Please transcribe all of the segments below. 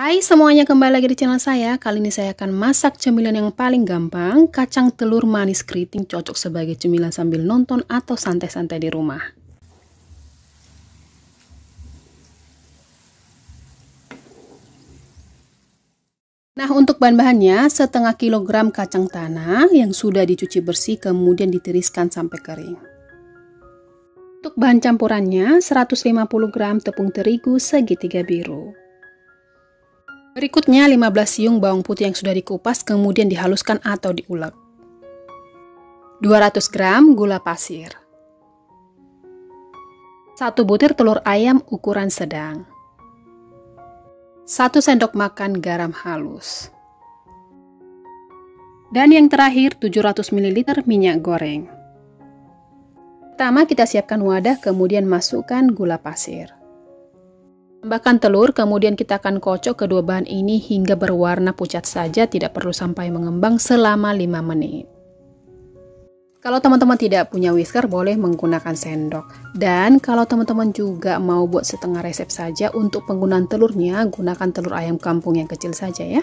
Hai semuanya, kembali lagi di channel saya. Kali ini saya akan masak cemilan yang paling gampang, kacang telur manis keriting cocok sebagai cemilan sambil nonton atau santai-santai di rumah. Nah, untuk bahan-bahannya, setengah kilogram kacang tanah yang sudah dicuci bersih kemudian ditiriskan sampai kering. Untuk bahan campurannya, 150 gram tepung terigu segitiga biru, Berikutnya 15 siung bawang putih yang sudah dikupas kemudian dihaluskan atau diulek. 200 gram gula pasir. 1 butir telur ayam ukuran sedang. 1 sendok makan garam halus. Dan yang terakhir 700 ml minyak goreng. Pertama kita siapkan wadah kemudian masukkan gula pasir. Tambahkan telur, kemudian kita akan kocok kedua bahan ini hingga berwarna pucat saja, tidak perlu sampai mengembang selama 5 menit. Kalau teman-teman tidak punya whisker, boleh menggunakan sendok. Dan kalau teman-teman juga mau buat setengah resep saja, untuk penggunaan telurnya, gunakan telur ayam kampung yang kecil saja ya.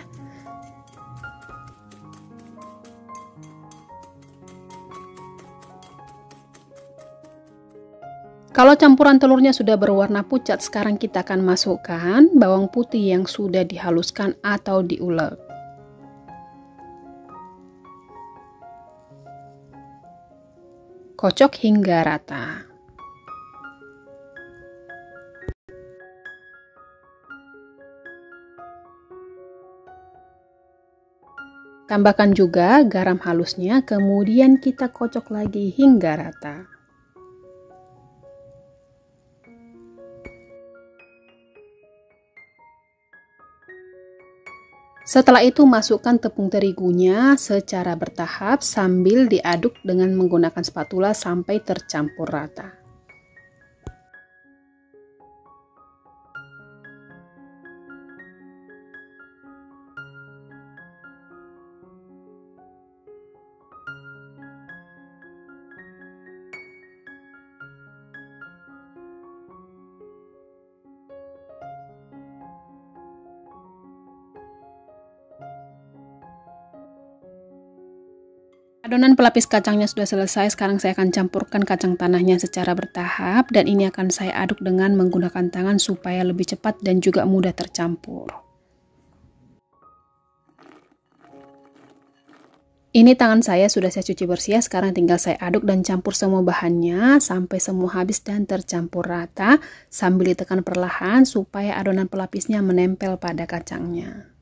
Kalau campuran telurnya sudah berwarna pucat, sekarang kita akan masukkan bawang putih yang sudah dihaluskan atau diulek. Kocok hingga rata. Tambahkan juga garam halusnya, kemudian kita kocok lagi hingga rata. Setelah itu masukkan tepung terigunya secara bertahap sambil diaduk dengan menggunakan spatula sampai tercampur rata. Adonan pelapis kacangnya sudah selesai, sekarang saya akan campurkan kacang tanahnya secara bertahap dan ini akan saya aduk dengan menggunakan tangan supaya lebih cepat dan juga mudah tercampur. Ini tangan saya sudah saya cuci bersih ya, sekarang tinggal saya aduk dan campur semua bahannya sampai semua habis dan tercampur rata sambil ditekan perlahan supaya adonan pelapisnya menempel pada kacangnya.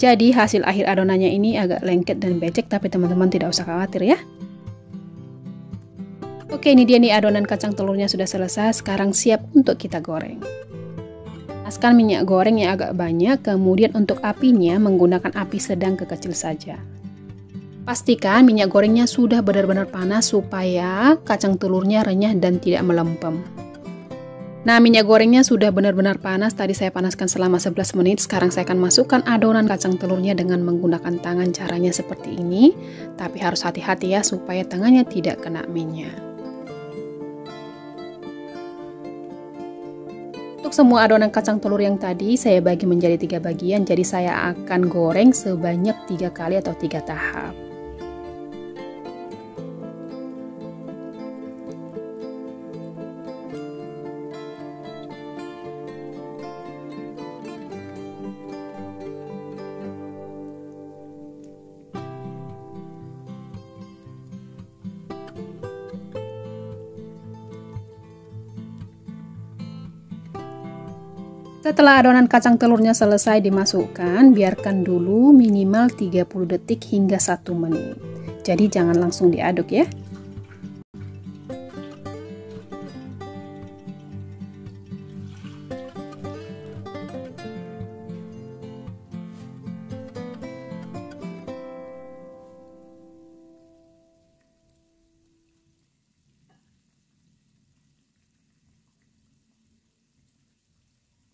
Jadi hasil akhir adonannya ini agak lengket dan becek tapi teman-teman tidak usah khawatir ya. Oke ini dia nih adonan kacang telurnya sudah selesai, sekarang siap untuk kita goreng. Panaskan minyak goreng yang agak banyak, kemudian untuk apinya menggunakan api sedang ke kecil saja. Pastikan minyak gorengnya sudah benar-benar panas supaya kacang telurnya renyah dan tidak melempem. Nah, minyak gorengnya sudah benar-benar panas. Tadi saya panaskan selama 11 menit. Sekarang saya akan masukkan adonan kacang telurnya dengan menggunakan tangan. Caranya seperti ini, tapi harus hati-hati ya supaya tangannya tidak kena minyak. Untuk semua adonan kacang telur yang tadi saya bagi menjadi tiga bagian, jadi saya akan goreng sebanyak tiga kali atau tiga tahap. Setelah adonan kacang telurnya selesai dimasukkan, biarkan dulu minimal 30 detik hingga 1 menit. Jadi jangan langsung diaduk ya.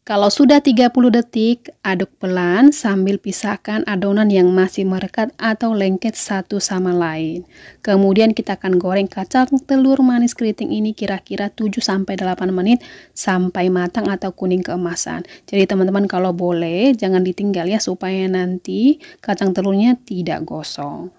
Kalau sudah 30 detik, aduk pelan sambil pisahkan adonan yang masih merekat atau lengket satu sama lain. Kemudian kita akan goreng kacang telur manis keriting ini kira-kira 7-8 menit sampai matang atau kuning keemasan. Jadi teman-teman kalau boleh jangan ditinggal ya supaya nanti kacang telurnya tidak gosong.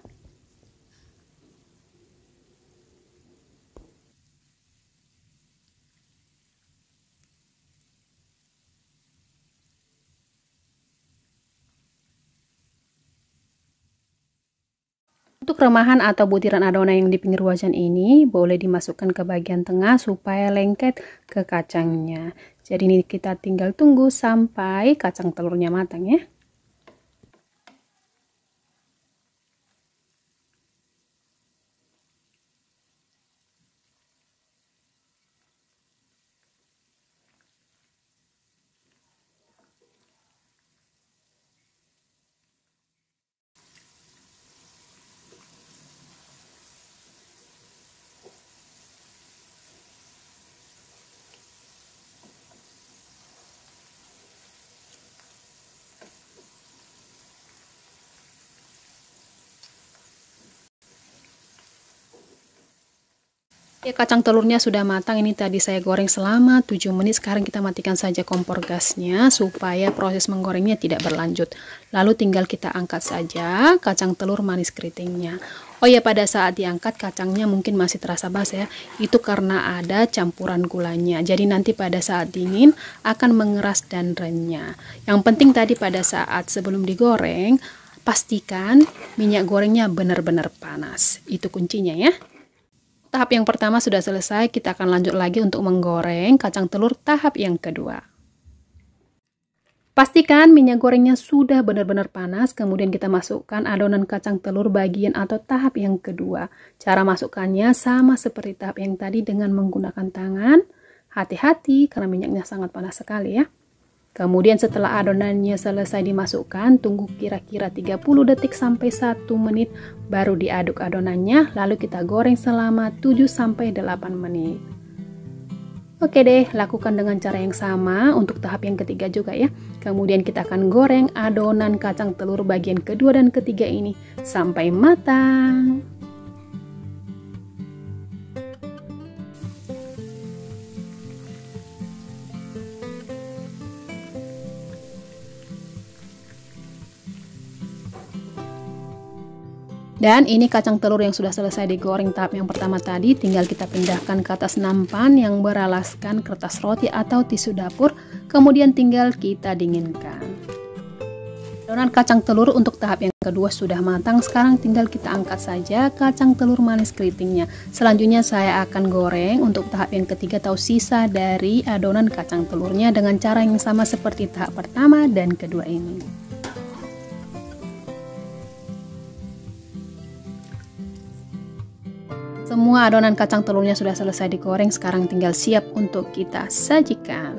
Untuk remahan atau butiran adonan yang di pinggir wajan ini boleh dimasukkan ke bagian tengah supaya lengket ke kacangnya. Jadi ini kita tinggal tunggu sampai kacang telurnya matang ya. Ya, kacang telurnya sudah matang. Ini tadi saya goreng selama 7 menit. Sekarang kita matikan saja kompor gasnya supaya proses menggorengnya tidak berlanjut. Lalu tinggal kita angkat saja kacang telur manis keritingnya. Oh ya, pada saat diangkat kacangnya mungkin masih terasa basah ya. Itu karena ada campuran gulanya. Jadi nanti pada saat dingin akan mengeras dan renyah. Yang penting tadi pada saat sebelum digoreng, pastikan minyak gorengnya benar-benar panas. Itu kuncinya ya tahap yang pertama sudah selesai, kita akan lanjut lagi untuk menggoreng kacang telur tahap yang kedua. Pastikan minyak gorengnya sudah benar-benar panas, kemudian kita masukkan adonan kacang telur bagian atau tahap yang kedua. Cara masukkannya sama seperti tahap yang tadi dengan menggunakan tangan. Hati-hati karena minyaknya sangat panas sekali ya. Kemudian setelah adonannya selesai dimasukkan, tunggu kira-kira 30 detik sampai 1 menit baru diaduk adonannya, lalu kita goreng selama 7 sampai 8 menit. Oke deh, lakukan dengan cara yang sama untuk tahap yang ketiga juga ya. Kemudian kita akan goreng adonan kacang telur bagian kedua dan ketiga ini sampai matang. Dan ini kacang telur yang sudah selesai digoreng tahap yang pertama tadi tinggal kita pindahkan ke atas nampan yang beralaskan kertas roti atau tisu dapur, kemudian tinggal kita dinginkan. Adonan kacang telur untuk tahap yang kedua sudah matang, sekarang tinggal kita angkat saja kacang telur manis keritingnya. Selanjutnya saya akan goreng untuk tahap yang ketiga atau sisa dari adonan kacang telurnya dengan cara yang sama seperti tahap pertama dan kedua ini. Semua adonan kacang telurnya sudah selesai digoreng, sekarang tinggal siap untuk kita sajikan.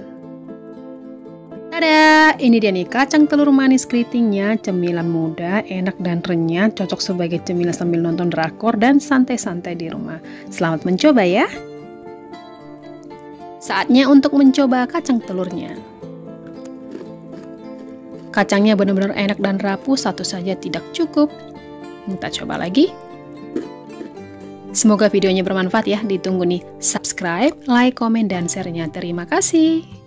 Ada, Ini dia nih kacang telur manis keritingnya, cemilan muda, enak dan renyah, cocok sebagai cemilan sambil nonton drakor dan santai-santai di rumah. Selamat mencoba ya! Saatnya untuk mencoba kacang telurnya. Kacangnya benar-benar enak dan rapuh, satu saja tidak cukup. Kita coba lagi. Semoga videonya bermanfaat ya. Ditunggu nih subscribe, like, komen, dan share-nya. Terima kasih.